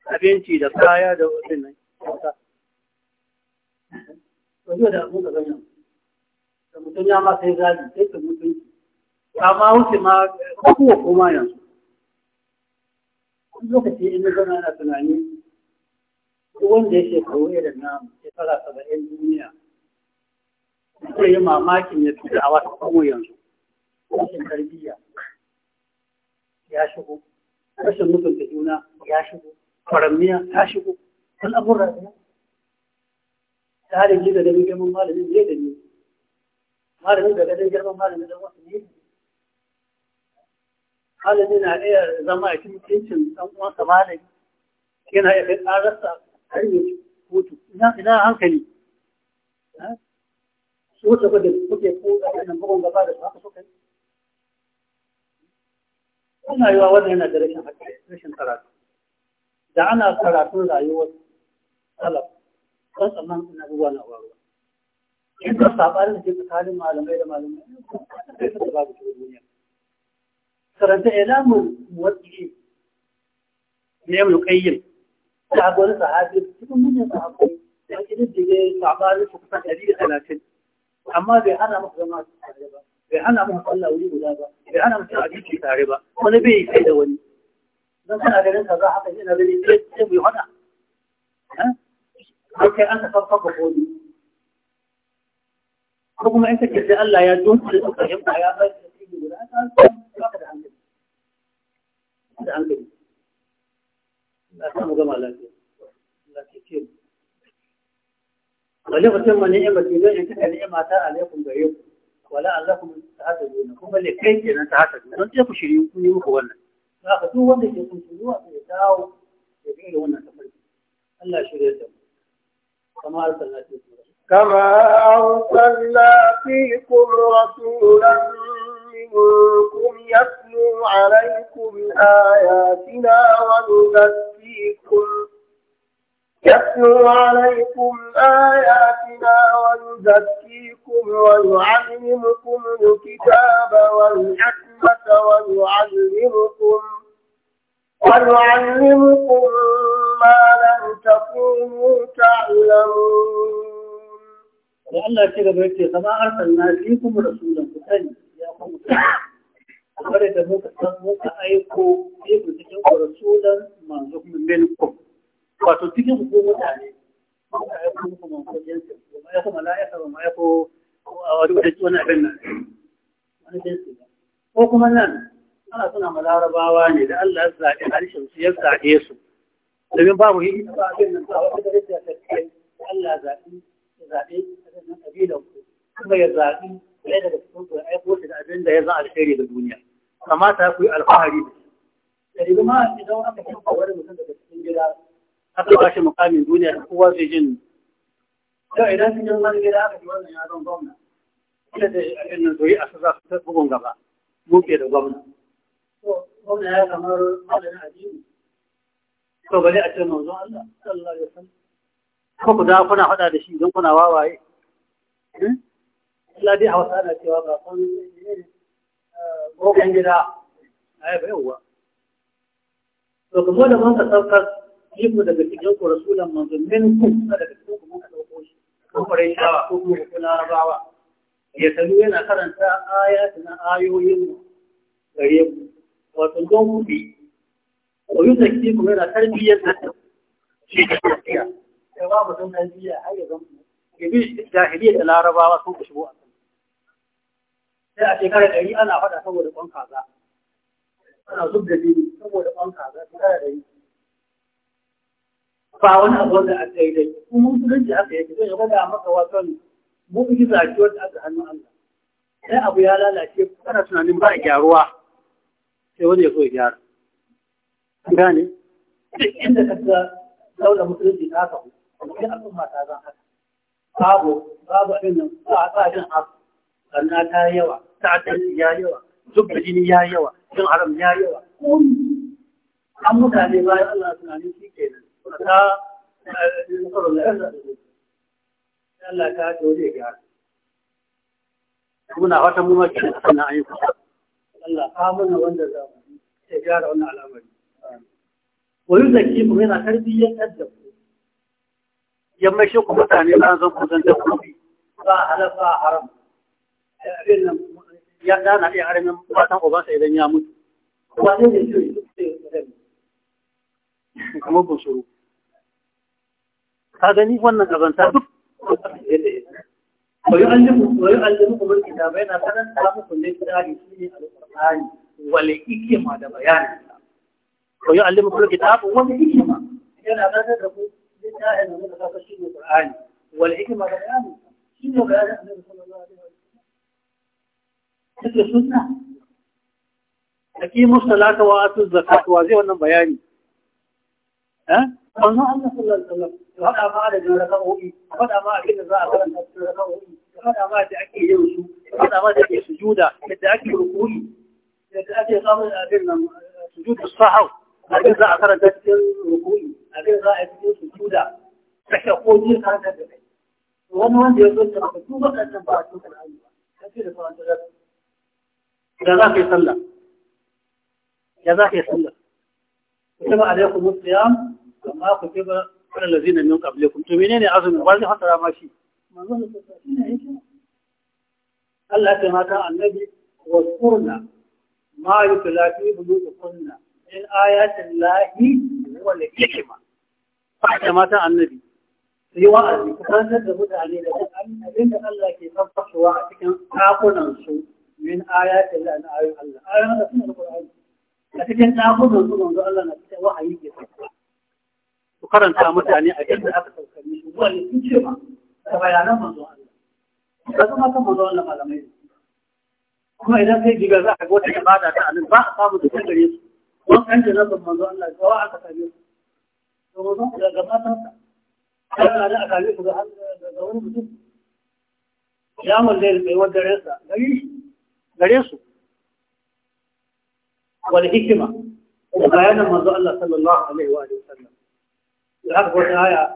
kai abinci da kaya da wurin nan da ga ganin da mutum ya ma sai sai amma wuce ma kuwa koma yanzu lokaci in zama yana tunani wanda ya shekaru irin na shekara saba'in duniya kuka yi mamakin ya tuda a wata kuma yanzu rashin tarbiyya ya shigo rashin mutunta juna ya shigo faramiya ta shigo al'amurra da tsarin gida da girman malamin ne da ne malamin da gadon girman malamin da wasu ne malami na iya zama a cikin cincin ɗan uwansa malami yana iya kai ƙararsa har yi kotu ina hankali su wuce ba da kuke ko da irin bugun gaba da su haka suka yi wannan rayuwa wannan yana da rashin haka rashin karatu da ana karatun rayuwar salaf don tsamman ina abubuwa na faruwa in ka saɓarin da ke tsakanin malamai da malamai sai ka babu shi duniya karanta ilamun muwatsi ne mu kayyim ta gwani sahabi cikin mutum sahabbai ya kididdige saɓarin su kusan ɗari da talatin amma bai hana maka zama tare ba bai hana maka kwalla wuri guda ba bai hana maka abinci tare ba wani bai kai da wani don kana ganin ka za haka yana gani sai mai hada eh? har kai an tafi kafa kodi ko kuma in kake sai Allah ya dunkule su fahimta ya ba shi cikin guda ka san da hankali da hankali Allah gama lafiya Allah wani mutum wani ni'ima ce zai cika ni'ima ta alaikum gare ku wala allakum tahtadun kuma le kai kenan tahtadun don sai ku shiryu ku yi muku wannan za ka duk wanda ke kun shiryu a ya dawo ya wannan tafarki Allah shirye da mu kama arsalna fiikum kama arsalna fiikum rasulan منكم يتلو عليكم آياتنا ويزكيكم Yasirwalekum na yafi dawan zafi kun wani wani muharrimu kun mu kiɗaba wani ɗan mata wani wani muharrimu kun wani wani mu kun malam ta kunu ta lamu. Ya Allah shiga birk'in sama hannun Nasiru da sunan mutane ya ne da muka aiko fiye da ta ƙware sunan wato cikin ko mutane ya kuma la'aika ba ma ya ko wani abin nan ko kuma nan ana suna ma larabawa ne da Allah ya zaɓi harshen su ya zaɓe su domin babu yi ba abin nan ba wata daraja ta kai Allah zaɓi ya zaɓe a nan ƙabilan ku kuma ya zaɓi ɗaya daga cikin ku ya aiko shi da abin da ya za alheri ga duniya Kamata ta ku yi alfahari da shi da ma idan aka kyanka wani mutum daga cikin gida aka ba shi mukamin duniya da kowa zai jin da idan sun yin wani gida aka ji wannan ya zan gwamna ina da irin nan zoyi a su za su bugun gaba buke da gwamna gwamna ya kamar malamin addini to bari a ce manzon Allah sallallahu alaihi wasallam ko ku kuna faɗa da shi don kuna wawaye Allah dai a wasu ana cewa ba kun gogon gida a yaba yauwa to kuma da mun ka saukar ku daga cikin ku rasulan manzo min ku daga cikin ku muka dauko shi ko Qurayshawa ko kuma Larabawa ya sanu yana karanta ayatu na ayoyin gare ku wato don ku bi ko yi zaki ku yana tarbiyyar da shi da tafiya sai ba mu don tarbiyya har ya zama bi jahiliya da Larabawa sun ku shigo a kan sai a shekarar ɗari ana faɗa saboda ƙwan kaza ana zub da jini saboda ƙwan kaza shekarar ɗari ba wani abu wanda aka yi dai kuma musulunci aka yi zai gaba da maka wasan mu'jiza zaki wanda aka hannun Allah sai abu ya lalace kana tunanin ba gyaruwa sai wani ya so ya gyara gane duk inda ka ga daula musulunci ta haka wani al'umma ta zan haka babu babu abin nan ba a jin abu sanna ta yawa ta'addanci ya yawa zubda jini ya yawa cin haram ya yawa an mutane bayan Allah tunanin shi kenan ta nasarar eh, da Allah ta muna wata sannan an yi kusa Allah wanda za mu ya gyara wannan al'amari wani zaki mu yana ku ku mutane zan ku zan dabbobi ba halal ba haram abin nan ya dana iya haramin matan ubansa idan ya mutu ne ne kamar bunsuru ka gani wannan gabanta duk wayo allimu wayo allimu kuma kitabai na karanta muku ne tsari shine alqur'ani wal hikma da bayani wayo allimu kuma kitabu wal hikma yana nan da ku littafin da muka kafa shine alqur'ani wal hikma da bayani shine bayanin annabi sallallahu alaihi wasallam take sunna Ake salata wa atu zakata wa zai wannan bayani eh? manzo Allah sallallahu alaihi wasallam ya faɗa ma adadin raka'o'i ya faɗa ma abin da za a karanta cikin raka'o'i ya faɗa ma da ake yin su ya faɗa ma da ake sujuda yadda ake rukuni yadda ake samun abin nan sujudu sahaw abin za a karanta cikin rukuni abin za a yi cikin sujuda kashe koji karanta da kai wani wanda ya zo da ba su waɗannan ba a cikin al'ayyuka kace da sauran da da za ka yi sallah ya za ka yi sallah kuma alaikum asiyam amma ku ce ba kana lazina min qablikum to ne azumin ba zai fasara ma shi Allah ta mata annabi wa kurna ma yutla fi bulukunna in ayatin lahi wa al-hikma fa mata annabi su yi wa'azi karantar da mutane da abin da Allah ke farfashewa a cikin ɗakunan su min ayatin lahi na ayoyin Allah ayoyin Allah suna da Qur'ani a cikin ɗakunan su manzo Allah na cikin wahayi ke farfa su karanta mutane a yadda aka saukari su wani sun ce ma da bayanan manzo Allah ka zama kan manzo Allah malamai kuma idan kai jiga za a ga wata ibada ta anan ba a samu da kan gare su wani kan jira ban manzo Allah ga aka same su to manzo Allah ga matan sa kana da aka yi su ga wani mutum ya mallai da wani dare sa gare su wal hikima bayanan manzo Allah sallallahu alaihi wa sallam العقب الآية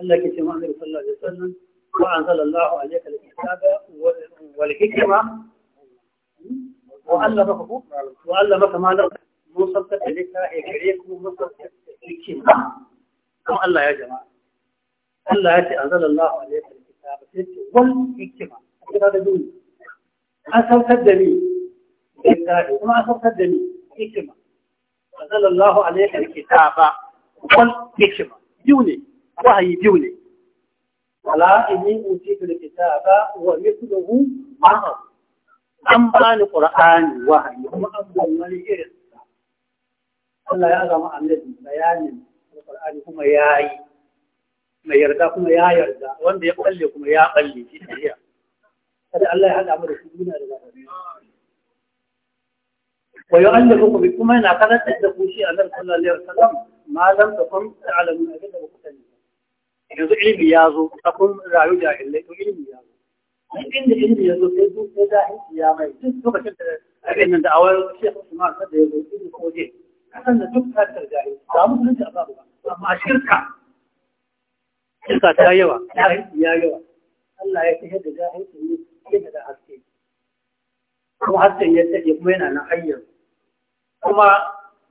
أنك سمعني صلى الله عليه وسلم وأنزل الله عليك الكتاب والحكمة وألمك ما لو نوصلت إليك إليك ونوصلت الحكمة كم الله يا جماعة الله يأتي أنزل الله عليك الكتاب والحكمة هذا دون أصل تدني بالتاريخ وما أصل تدني حكمة أنزل الله عليك الكتاب والحكمة دوني وهي دوني ولا إني أوتيت الكتاب ومثله an wahayi kuma an wani irin Allah ya zama annabi bayanin ƙura'ani kuma ya mai yarda kuma ya yarda wanda ya kuma ya shi kada Allah ya mu da shi duniya da lafiya wa yu'allifukum yana karantar da ku shi annabi sallallahu alaihi wasallam malam da kun alamu abin da ku sani yanzu ilimi ya zo a kun rayu da illai to ilimi ya zo duk inda ilimi ya zo sai duk sai da hinci ya mai duk lokacin da abin nan da awar shekhu ta kada ya zo duk ko je kasan da duk ta tarja yi da mu sun ta babu amma shirka shirka ta yawa ta hinci ya yawa Allah ya tafi da jahilci ne yadda da haske kuma hasken ya tsaye kuma yana nan hayyar kuma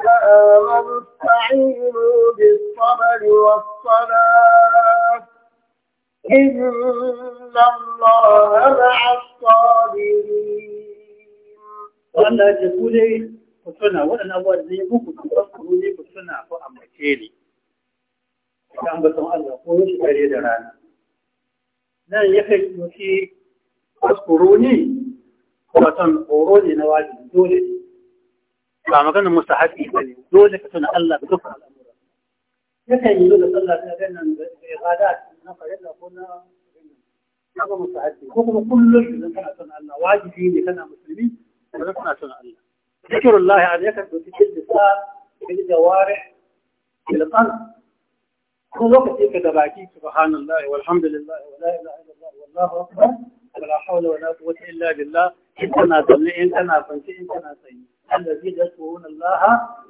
الذين آمنوا استعينوا بالصبر والصلاة إن الله مع الصابرين Allah ce ku dai ku tuna waɗannan ne ku ni. Allah ko yaushe dare da rana. Nan ya kai yuki tsakuru ne waton horo ne na wajibi dole ne. ما كان مستحق يعني دوله كتن الله بذكر الامر لكن يقول الله كان الاغادات نقل لنا قلنا هذا مستحق حكم كل الله واجبين كنا مسلمين ونكون عشان الله ذكر الله عز وجل في كل ساعه في الجوارح في القلب كل وقت يكتبك سبحان الله والحمد لله ولا اله الا الله والله اكبر ولا حول ولا قوه الا بالله انت ناصر انت ناصر انت ناصر الذين يذكرون الله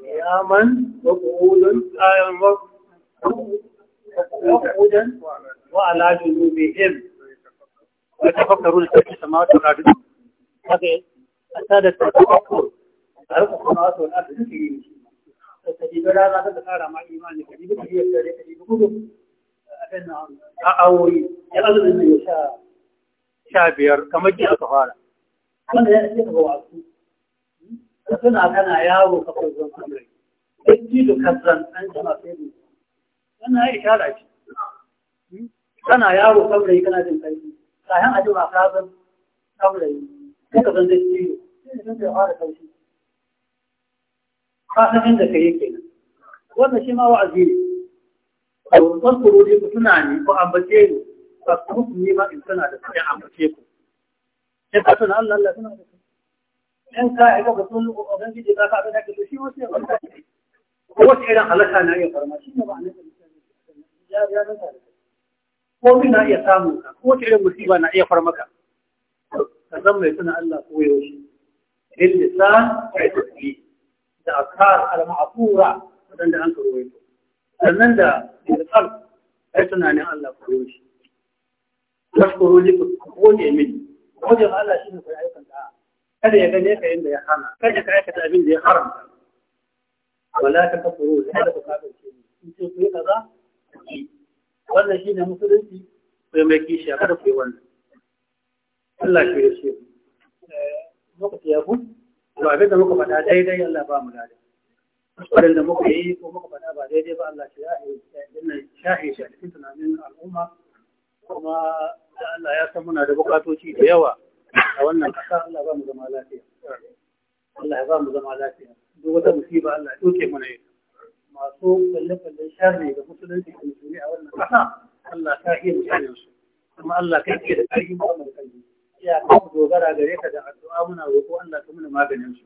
قياما وقعودا وقعودا وعلى جنوبهم ويتفكرون في السماوات والارض هذا هذا التفكر تعرف السماوات والارض في تجيب لها هذا تكارا مع ايمان تجيب هي تجيب كتب أأوي يأذن أن يشاء شابير كما جاء كفارة. أنا أتيت هو عبد ka suna kana yawo ka kwarzon kamari duk jido kazan an jama sai ne wannan ya ishara ce kana yawo kamari kana jin karfi kayan a jima ka zan kamari sai ka zan duk jido sai ka fara kaushi ka inda ka yi kenan wannan shi ma wa'azi ne a wurin kurori ku tuna ne ko ambace ni ba ku ni ma in suna da sai ambace ku sai ka tuna Allah Allah tana da in ka aika ga sun ubangiji ka ka abin da kake shi wasu ya farka ko wace irin halaka na iya farma shi ne ba annabi ya ya nan ka ko min na iya samun ka ko wace irin musiba na iya farma ka Ka san mai suna Allah ko yaushe bil lisan wa tasbih da akar al-ma'thura wadanda an karo yato sannan da al-qalb ai tunanin Allah ko yaushe tashkuru li ko ne min ko da Allah shi ne kai aikan da'a kada ya gane ka yadda ya hana kada ka aikata abin da ya haramta wala ta kafuru kada ku kafirce ni in ce ku yi kaza wannan shine musulunci ku mai kishi kada ku yi wannan Allah shi ya ce lokaci ya kun to abin da muka faɗa daidai Allah ba mu dade kuskuren da muka yi ko muka faɗa ba daidai ba Allah shi ya shahe shi a cikin tunanin al'umma kuma Allah ya san muna da bukatoci da yawa a wannan ƙasa Allah ba mu zama lafiya Allah ya ba mu zama lafiya duk wata musiba Allah ya doke mana ita masu kalle-kallen sharri ga musulunci da musulmi a wannan ƙasa Allah ta iya misalin su kuma Allah kai ke da ƙarfi ba mu kalli ya kuma dogara gare ka da addu'a muna roƙo Allah ta muna maganin su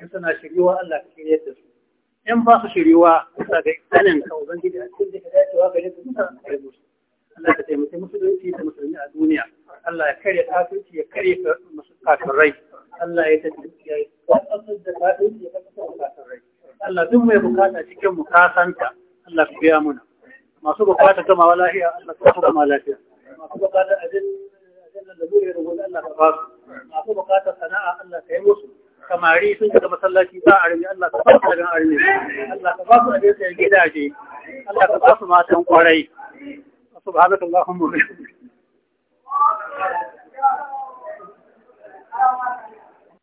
in suna shiriwa Allah ka shirye da su in ba su shiriwa bisa ga isanin ka ubangiji a cikin da ka dacewa gare ka muna kare musu Allah ka taimaki musulunci da musulmi a duniya Allah ya karya kafirci ya karya kafirai Allah ya taimaki ya kasar da kafirci ya kasar da kafirai Allah duk mai bukata cikin mu kasanta Allah ka biya muna masu bukata gama lafiya Allah ka su gama lafiya masu bukata ajin ajin da zuri da gudu Allah ka ba su masu bukata sana'a Allah ka yi musu kamari sun shiga masallaci ba a rami Allah ka ba su daga armi Allah ka ba su a gidaje Allah ka ba su matan kwarai سبحانك اللهم وبحمدك